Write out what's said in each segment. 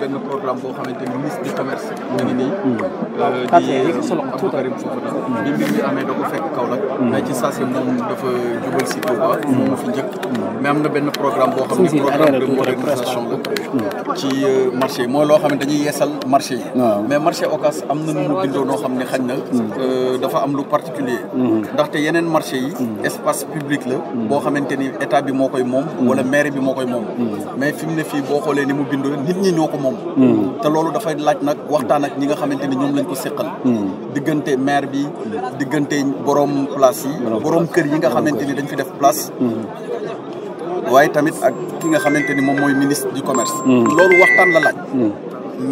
benn programme boo xamante ni ministre commerce. Mm. Euh, da ko fekk Kaolack. mais mm. ci saa si moom dafa jubal si Touba. Mm. moom fi njëkk. mais am na benn programme boo xam ne programme de euh, loo xam ne dañuy yeesal marché yi. mais marché Ocass am na nu mu bindoo noo xam ne xañ na. Euh, dafa am lu particulier. ndaxte yeneen marché yi. espace public la. boo xamante ni état bi moo koy moom. wala maire bi moo koy moom. mais fi ne fii boo xoolee ni mu bindoo nit ñi ñoo ko moom te loolu dafay laaj nag waxtaan ak ñi nga xamante ni ñoom lañ ko séqal diggante maire bi diggante borom place yi boroom kër yi nga xamante ni dañ fi def place hmm. waaye tamit ak ki nga xamante ni moom mooy ministre du commerce hmm. loolu waxtaan la laaj hmm.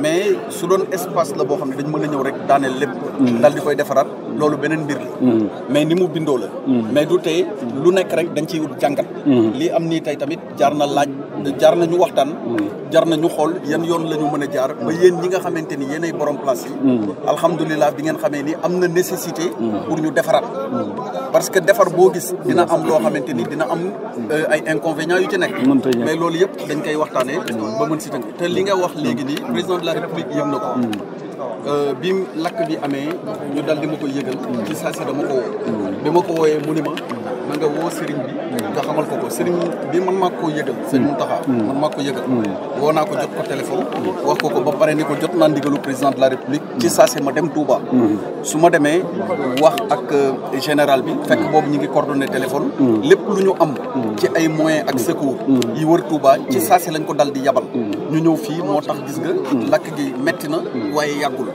mais su doon espace la boo xam ne dañ mën a ñëw rek daaneel lépp daal di koy defaraat loolu beneen mbir la. Mm-hmm. mais ni mu bindoo la. Mm-hmm. mais du tey lu nekk rek dañ ciy wut jàngat. Mm-hmm. lii am nii tey tamit jaar na laaj jaar na ñu waxtaan. jar na ñu xool yan yoon la ñu mën a jaar. ba yéen ñi nga xamante ni yéenay borom place yi. alhamdulilah bi ngeen xamee ni am na nécessité. pour ñu defaraat. parce que defar boo gis dina am loo xamante ni dina am euh, ay inconvénients yu ci nekk. mais loolu yëpp dañ koy waxtaanee. ba mën si tënk te li nga wax léegi nii président de la république yëg Euh, bi lakk bi amee ñu dal di ma ko yëgal mm. ci saa si dama ko woo mm. bi ma ko wooyee mu ni ma na nga woo sëriñ bi mm. nga xamal ko ko sëriñ bi man maa ko yëgal sëriñ Mountakha man maa ko yëgal woo naa ko jot ko téléphone wax ko ko ba pare ni ko jot naa ndigalu président de la république ci saa si ma dem Touba su ma demee wax ak euh, général bi fekk boobu ñu ngi coordonné téléphone lépp lu ñu am ci ay moyen ak secours yi wër Touba ci saa si lañ ko dal di yabal ñu ñëw fii moo tax gis nga. lakk gi metti na. waaye yàggul.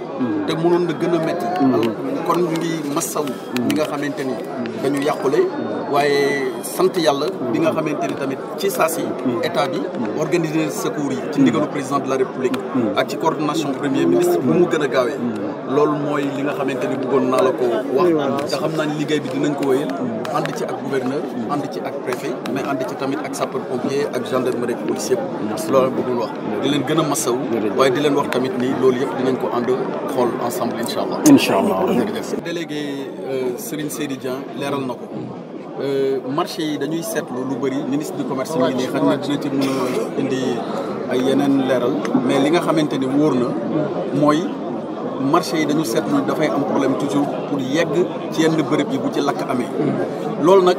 te mënoon na gën a metti. Mm. kon ñu ngi masawu. ñi nga xamante ni dañu yàqule. waaye sant yàlla bi nga xamee ni tamit ci saa si mm. état bi organiser secours yi ci ndigalu mm. président de la république mm. ak ci coordination premier ministre bu mu gën a gaawee loolu mooy li nga xamante ni bëggoon naa la ko wax te xam naa ni liggéey bi dinañ ko wéyal ànd ci ak gouverneur ànd ci ak préfet mais ànd ci tamit ak sapeur pompier ak gendarmerie ak police yëpp loolu bëggul wax di leen gën a masawu waaye di leen wax tamit ni loolu yëpp dinañ ko ànd xool ensemble incha allah incha allah délégué euh, Serigne Seydi Dieng leeral na ko Euh, marché yi dañuy seetlu lu bëri ministre du commerce mi ngi nii xam na dina ci mën a indi ay yeneen leeral mais li nga xamante ni wóor na mooy marché yi dañu seetlu dafay am problème toujours pour yegg ci yenn bërëb yi bu ci lakk amee loolu nag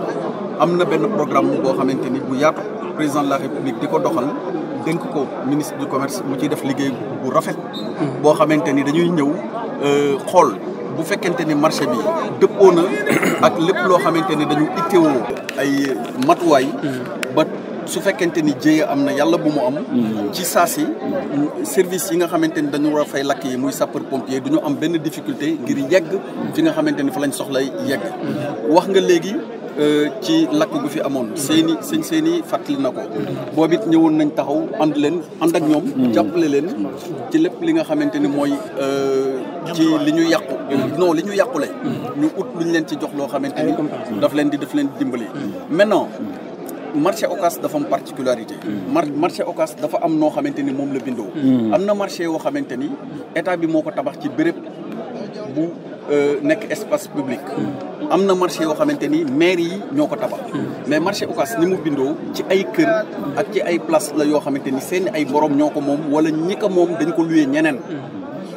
am na benn programme boo xamante ni bu yaatu président la république di ko doxal dénk ko ministre du commerce mu ciy def liggéey bu rafet boo xamante ni dañuy ñëw euh, xool bu fekkente ni marché bi dëppoo na ak lépp loo xamante ni dañu ittewoo ay matuwaay ba su fekkente ni jéye am na yàlla bu mu am ci saasi service yi nga xamante ni dañu war a fay lakk yi muy sapeur pompier du ñu am benn difficulté ngir yegg fi nga xamante ni fa lañ soxlay yegg wax nga léegi Euh, ci lakk gu fi amoon seeni sëñ seeni fàttali na ko boobu ñëwoon nañ taxaw ànd leen ànd ak ñoom hmm. jàppale leen ci lépp li nga xamante ni mooy euh, ci li ñu yàqu non li ñu yàqule ñu ut lu ñu leen ci jox loo xamante ni daf leen di daf leen di dimbali maintenant marché Ocass dafa am particularité hmm. marché Ocass dafa am noo xamante ni moom la bindoo hmm. am na marché yoo xamante ni état bi moo ko tabax ci bërëb bu euh, nekk espace public am na marché yoo xamante ni maire yi ñoo ko tabax. mais marché Ocass ni mu bindoo ci ay kër ak ci ay place la yoo xamante ni seen ay borom ñoo ko moom wala ñi ko moom dañ ko luye ñeneen.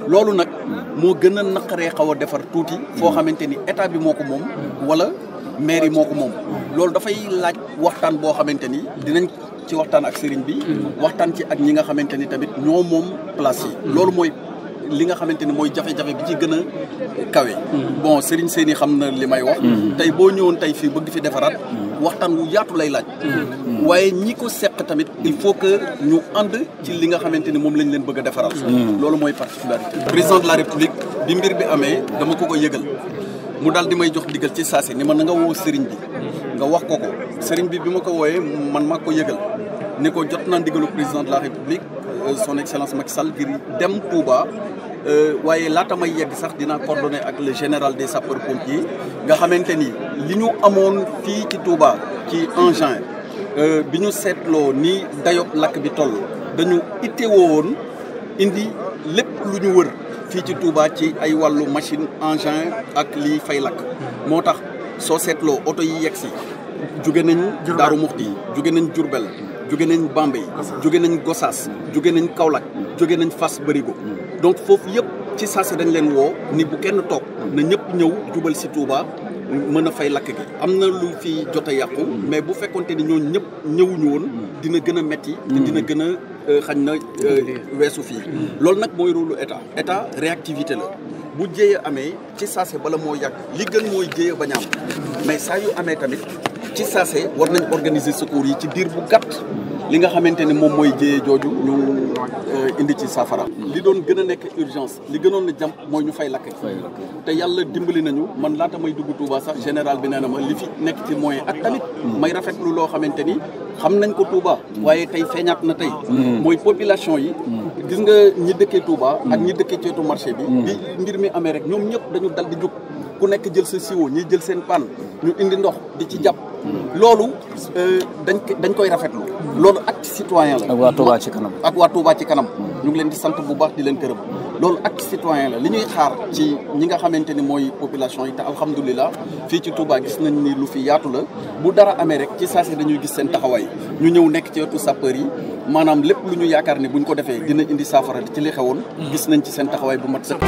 loolu nag moo gën a naqaree xaw a defar tuuti. foo xamante ni état bi moo ko moom. wala maire yi moo ko moom. loolu dafay laaj waxtaan boo xamante ni dinañ. ci waxtaan ak sëriñ bi. waxtaan ci ak ñi nga xamante ni tamit ñoo moom place yi. loolu mooy li nga xamante ni mooy jafe-jafe bi ci gën a kawe. bon Serigne Seyni xam na li may wax. Mm-hmm. tey boo ñëwoon tey fii bëgg fi defaraat. waxtaan wu yaatu lay laaj. Mm-hmm. waaye ñi ko seq tamit il faut que ñu ànd ci li nga xamante ni moom lañ leen bëgg a defaral. Mm-hmm. loolu mooy particularité. président de la république bi mbir bi amee dama ko ko yëgal mu daal di may jox diggal ci saasi ni ma na nga woo Serigne bi nga wax ko ko Serigne bi bi ma ko wooyee man maa ko yëgal ni ko jot naa ndigalu président de la république euh, son excellence Macky Sall ngir dem Touba Euh, waaye laata may yegg sax dina coordonné ak le général des sapeurs pompiers nga xamante ni li ñu amoon fii ci Touba ci engin euh, bi ñu seetloo ni dayo lakk bi toll dañu ittewoo woon indi lépp lu ñu wër fii ci Touba ci ay wàllu machine engin ak lii fay lakk moo tax soo seetloo oto yi yegg si jóge nañ Daaru Muxti jóge nañ Jurbel jóge nañ Bambey jóge nañ Gosaas jóge nañ Kaolack jóge nañ fas Bërigo donc foofu yëpp ci saasa dañ leen woo ni bu kenn toog na ñëpp ñëw jubal si Touba mën a fay lakk gi am na lu fi jot a mais bu fekkonte ni ñoo ñëpp ñëwuñu woon dina gën a metti te dina gën a euh, xañ na euh, weesu fii loolu nag mooy rôle état état réactivité la bu jéye amee ci saase bala moo yàgg li gën mooy jéye bañ a am mais saa yu amee tamit ci saase war nañ organiser secours yi ci diir bu gàtt li nga xamante ni moom mooy jëyee jooju ñu euh, indi ci saafara. Hmm. li doon gën a nekk urgence li gënoon a jam mooy ñu fay lakk. te yàlla dimbali nañu man laata may dugg Touba sax général bi nee na ma li fi nekk ci mooy ak tamit. Hmm. may rafetlu loo xamante ni xam nañ ko Touba. Hmm. waaye tey feeñaat na tey. mooy population yi. gis nga ñi dëkkee Touba. ak ñi dëkkee ceetu marché bi. bi mbir mi amee rek ñoom ñëpp dañu dal di jug. ku nekk jël sa siwo ñiy jël seen pan ñu indi ndox di ci jàpp. loolu euh, dañ dañ koy rafetlu. loolu acte citoyen la. ak waa Touba ci kanam. ak waa ci kanam. ñu ngi leen di sant bu baax di leen gërëm. loolu acte citoyen la li ñuy xaar ci ñi nga xamante ni mooy population yi te alhamdulilah fii ci Touba gis nañ ni lu fi yaatu la bu dara amee rek ci saa si dañuy gis seen taxawaay ñu ñëw nekk ci wetu sapeur yi maanaam lépp lu ñu yaakaar ne buñ ko defee dina indi saafara ci li xewoon. Mm. gis nañ ci seen taxawaay bu mat sëkk.